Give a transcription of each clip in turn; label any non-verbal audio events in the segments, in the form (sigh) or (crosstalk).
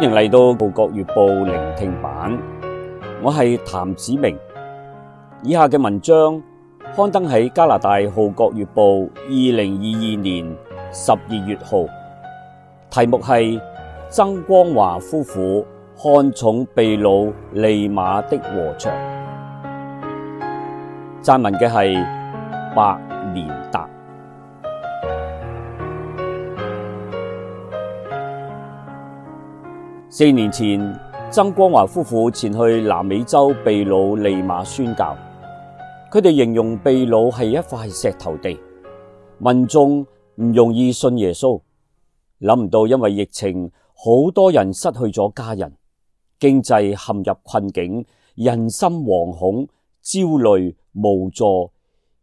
歡迎嚟到《號角月報》聆聽版，我係譚子明。以下嘅文章刊登喺加拿大《號角月報》二零二二年十二月號，題目係《曾光華夫婦看重秘魯利馬的禾場》，撰文嘅係百年達。四年前，曾光華夫婦前去南美洲秘魯利馬宣教。佢哋形容秘魯係一塊石頭地，民眾唔容易信耶穌。諗唔到，因為疫情，好多人失去咗家人，經濟陷入困境，人心惶恐、焦慮無助。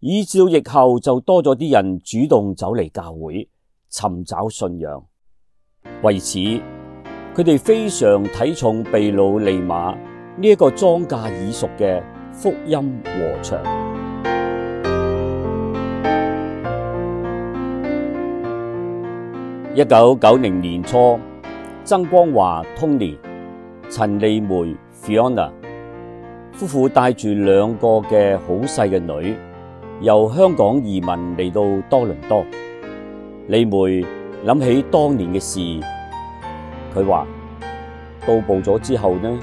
以至到疫後就多咗啲人主動走嚟教會，尋找信仰。為此，佢哋非常睇重秘魯利馬呢一個莊稼已熟嘅福音禾場。一九九零年初，曾光華 Tony、陳麗梅 Fiona 夫婦帶住兩個嘅好細嘅女，由香港移民嚟到多倫多。李梅諗起當年嘅事。佢話到步咗之後呢，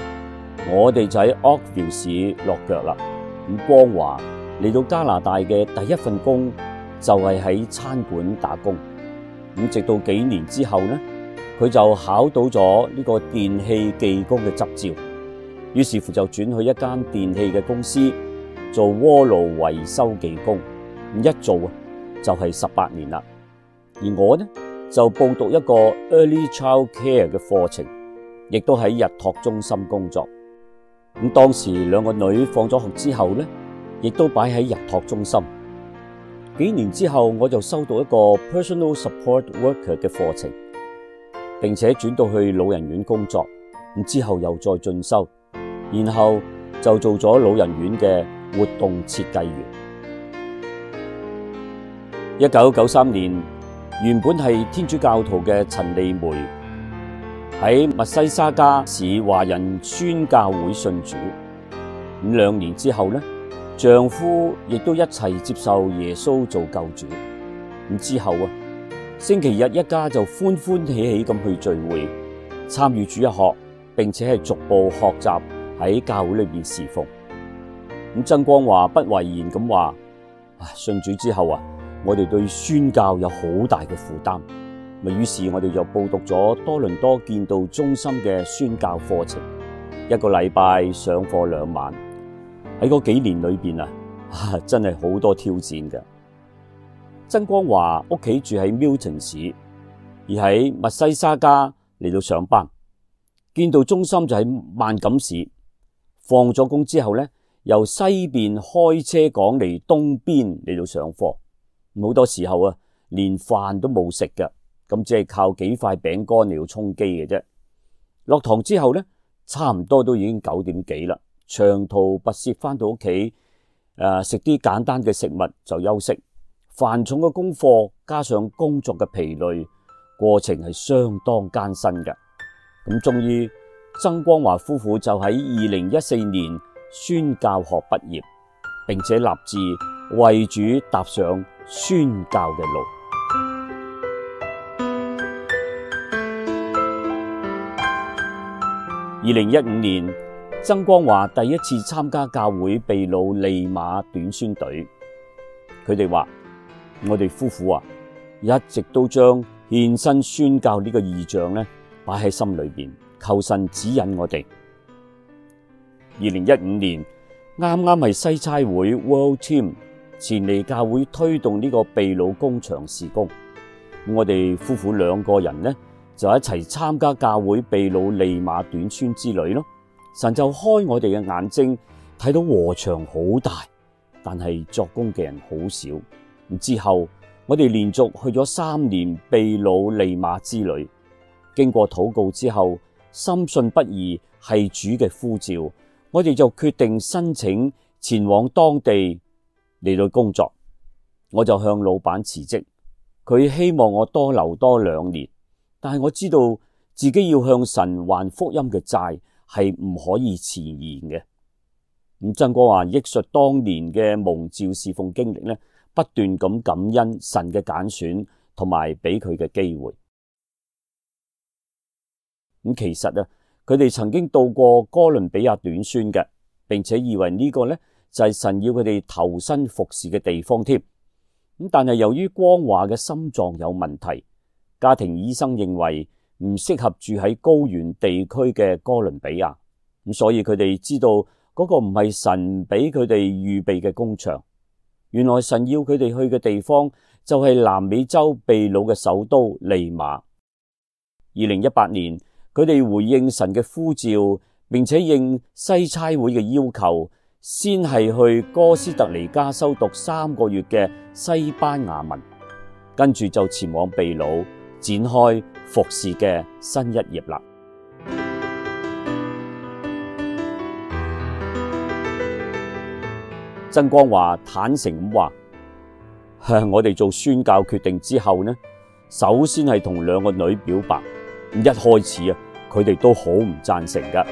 我哋就喺 Oakville 市落腳啦。咁光華嚟到加拿大嘅第一份工就係、是、喺餐館打工。咁直到幾年之後呢，佢就考到咗呢個電器技工嘅執照，於是乎就轉去一間電器嘅公司做鍋爐維修技工。咁一做啊就係十八年啦。而我呢？就報讀一個 early child care 嘅課程，亦都喺日托中心工作。咁當時兩個女放咗學之後咧，亦都擺喺日托中心。幾年之後，我就收到一個 personal support worker 嘅課程，並且轉到去老人院工作。咁之後又再進修，然後就做咗老人院嘅活動設計員。一九九三年。原本係天主教徒嘅陳利梅喺密西沙加市華人宣教會信主，咁兩年之後咧，丈夫亦都一齊接受耶穌做救主。咁之後啊，星期日一家就歡歡喜喜咁去聚會，參與主日學，並且係逐步學習喺教會裏邊侍奉。咁曾光華不諱言咁話，信主之後啊。我哋對宣教有好大嘅負擔，咪於是我哋就報讀咗多倫多建道中心嘅宣教課程，一個禮拜上課兩晚。喺嗰幾年裏邊啊，真係好多挑戰嘅。曾光華屋企住喺 Milton 市，而喺密西沙加嚟到上班，建道中心就喺萬錦市。放咗工之後呢，由西邊開車趕嚟東邊嚟到上課。好多時候啊，連飯都冇食噶，咁只係靠幾塊餅乾嚟到充飢嘅啫。落堂之後咧，差唔多都已經九點幾啦，長途跋涉翻到屋企，誒食啲簡單嘅食物就休息。繁重嘅功課加上工作嘅疲累，過程係相當艱辛嘅。咁終於，曾光華夫婦就喺二零一四年宣教學畢業，並且立志。為主踏上宣教嘅路。二零一五年，曾光華第一次參加教會秘魯利馬短宣隊。佢哋話：我哋夫婦啊，一直都將獻身宣教這個呢個異象咧，擺喺心裏邊，求神指引我哋。二零一五年，啱啱係西差會 World Team。前嚟教會推動呢個秘魯工場事工，我哋夫婦兩個人呢就一齊參加教會秘魯利馬短宣之旅咯。神就開我哋嘅眼睛，睇到禾場好大，但係作工嘅人好少。之後我哋連續去咗三年秘魯利馬之旅，經過禱告之後，深信不疑係主嘅呼召，我哋就決定申請前往當地。嚟到工作，我就向老闆辭職。佢希望我多留多兩年，但係我知道自己要向神還福音嘅債係唔可以遲延嘅。咁曾光華憶述當年嘅蒙召侍奉經歷咧，不斷咁感恩神嘅揀選同埋俾佢嘅機會。咁、嗯、其實啊，佢哋曾經到過哥倫比亞短宣嘅，並且以為這個呢個咧。就係神要佢哋投身服侍嘅地方添咁。但係由於光華嘅心臟有問題，家庭醫生認為唔適合住喺高原地區嘅哥倫比亞，咁所以佢哋知道嗰個唔係神俾佢哋預備嘅工場。原來神要佢哋去嘅地方就係南美洲秘魯嘅首都利馬。二零一八年，佢哋回應神嘅呼召，並且應西差會嘅要求，先係去哥斯特尼加修讀三個月嘅西班牙文，跟住就前往秘魯展開服侍嘅新一頁啦。 (music) 曾光華坦誠咁話，向我哋做宣教決定之後呢，首先係同兩個女表白，一開始啊，佢哋都好唔贊成噶。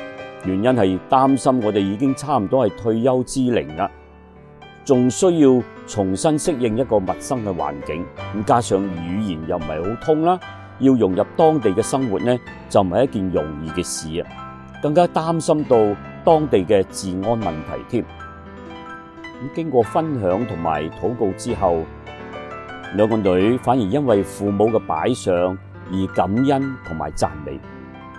原因係擔心我哋已經差唔多係退休之齡啦，仲需要重新適應一個陌生嘅環境，加上語言又唔係好通啦，要融入當地嘅生活呢，就唔係一件容易嘅事啊！更加擔心到當地嘅治安問題添。咁經過分享同埋禱告之後，兩個女反而因為父母嘅擺上而感恩同埋讚美。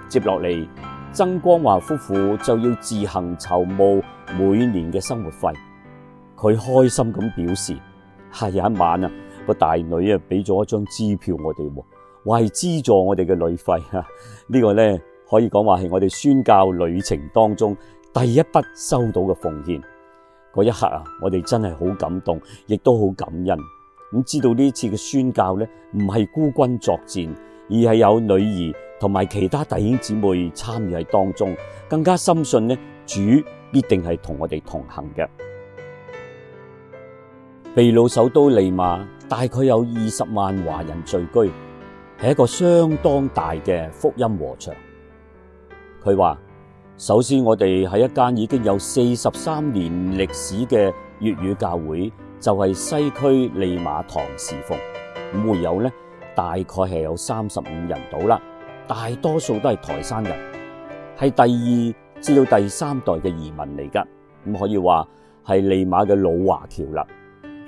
接落嚟，曾光華夫婦就要自行籌募每年嘅生活費。佢開心咁表示：係有一晚啊，個大女啊，俾咗一張支票我哋，話係資助我哋嘅旅費啊。呢個咧可以講話係我哋宣教旅程當中，第一筆收到嘅奉獻。嗰一刻啊，我哋真係好感動，亦都好感恩。咁知道呢次嘅宣教咧，唔係孤軍作戰，而係有女兒。同埋其他弟兄姊妹參與喺當中，更加深信呢主必定係同我哋同行嘅。秘魯首都利馬大概有二十萬華人聚居，係一個相當大嘅福音禾場。佢話：首先我哋喺一間已經有四十三年歷史嘅粵語教會，就係、是、西區利馬堂侍奉，咁會有呢，大概係有三十五人到啦。大多數都係台山人，係第二至到第三代嘅移民嚟噶，咁可以話係利馬嘅老華僑啦。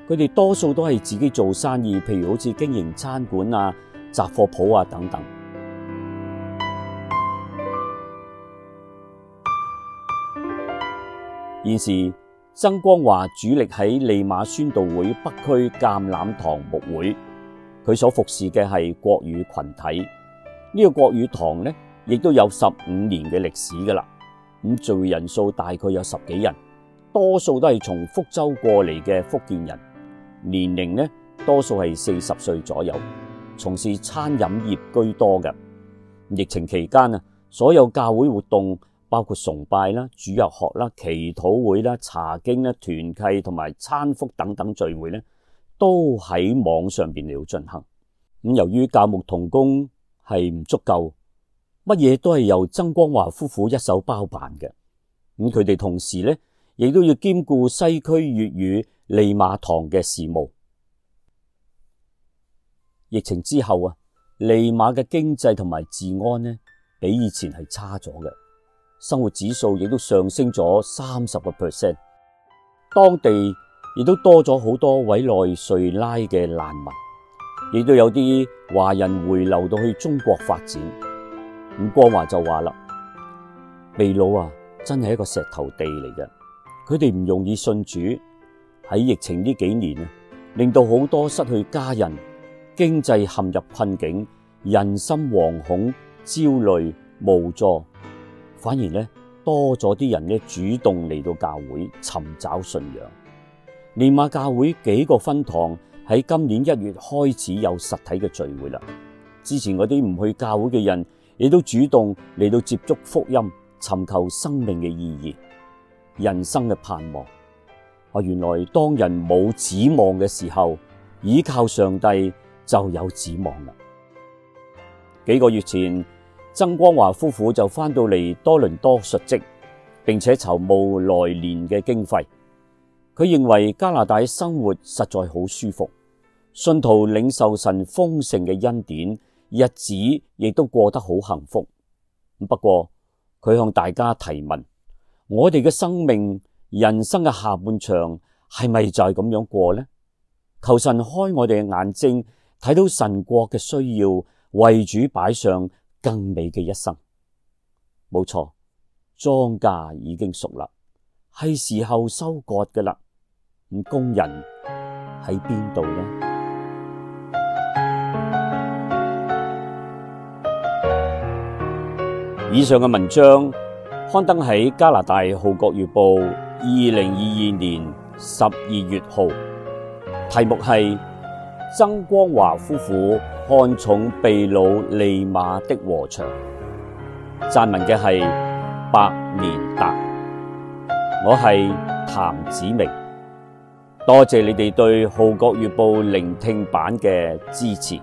佢哋多數都係自己做生意，譬如好似經營餐館啊、雜貨鋪啊等等。現時曾光華主力喺利馬宣道會北區橄欖堂牧會，佢所服侍嘅係國語群體。呢個國語堂咧，亦都有十五年嘅歷史噶啦。咁聚會人數大概有十幾人，多數都係從福州過嚟嘅福建人，年齡咧多數係四十歲左右，從事餐飲業居多嘅。疫情期間啊，所有教會活動包括崇拜啦、主日學啦、祈禱會啦、查經啦、團契同埋餐福等等聚會咧，都喺網上邊嚟到進行。咁由於教牧同工，係唔足夠，乜嘢都係由曾光華夫婦一手包辦嘅。咁佢哋同時咧，亦都要兼顧西區粵語利馬堂嘅事務。疫情之後啊，利馬嘅經濟同埋治安呢，比以前係差咗嘅，生活指數亦都上升咗三十個 percent。當地亦都多咗好多委內瑞拉嘅難民。亦都有啲華人回流到去中國發展。曾光華就話啦，秘魯啊，真係一個石頭地嚟嘅，佢哋唔容易信主。喺疫情呢幾年啊，令到好多失去家人、經濟陷入困境、人心惶恐、焦慮無助，反而咧多咗啲人咧主動嚟到教會尋找信仰。利馬教會幾個分堂。喺今年一月開始有實體嘅聚會啦。之前嗰啲唔去教會嘅人，亦都主動嚟到接觸福音，尋求生命嘅意義、人生嘅盼望。啊，原來當人冇指望嘅時候，倚靠上帝就有指望啦。幾個月前，曾光華夫婦就翻到嚟多倫多述職，並且籌募來年嘅經費。佢認為加拿大生活實在好舒服，信徒領受神豐盛嘅恩典，日子亦都過得好幸福。不過佢向大家提問：我哋嘅生命、人生嘅下半場係咪就係咁樣過呢？求神開我哋嘅眼睛，睇到神國嘅需要，為主擺上更美嘅一生。冇錯，莊稼已經熟啦，係時候收割噶啦。工人喺邊度呢？以上嘅文章刊登喺加拿大《號角月報》二零二二年十二月號，題目係曾光華夫婦看重秘魯利馬的禾場，撰文嘅係白年達，我係譚子明。多謝你哋對《號角月報》聆聽版嘅支持。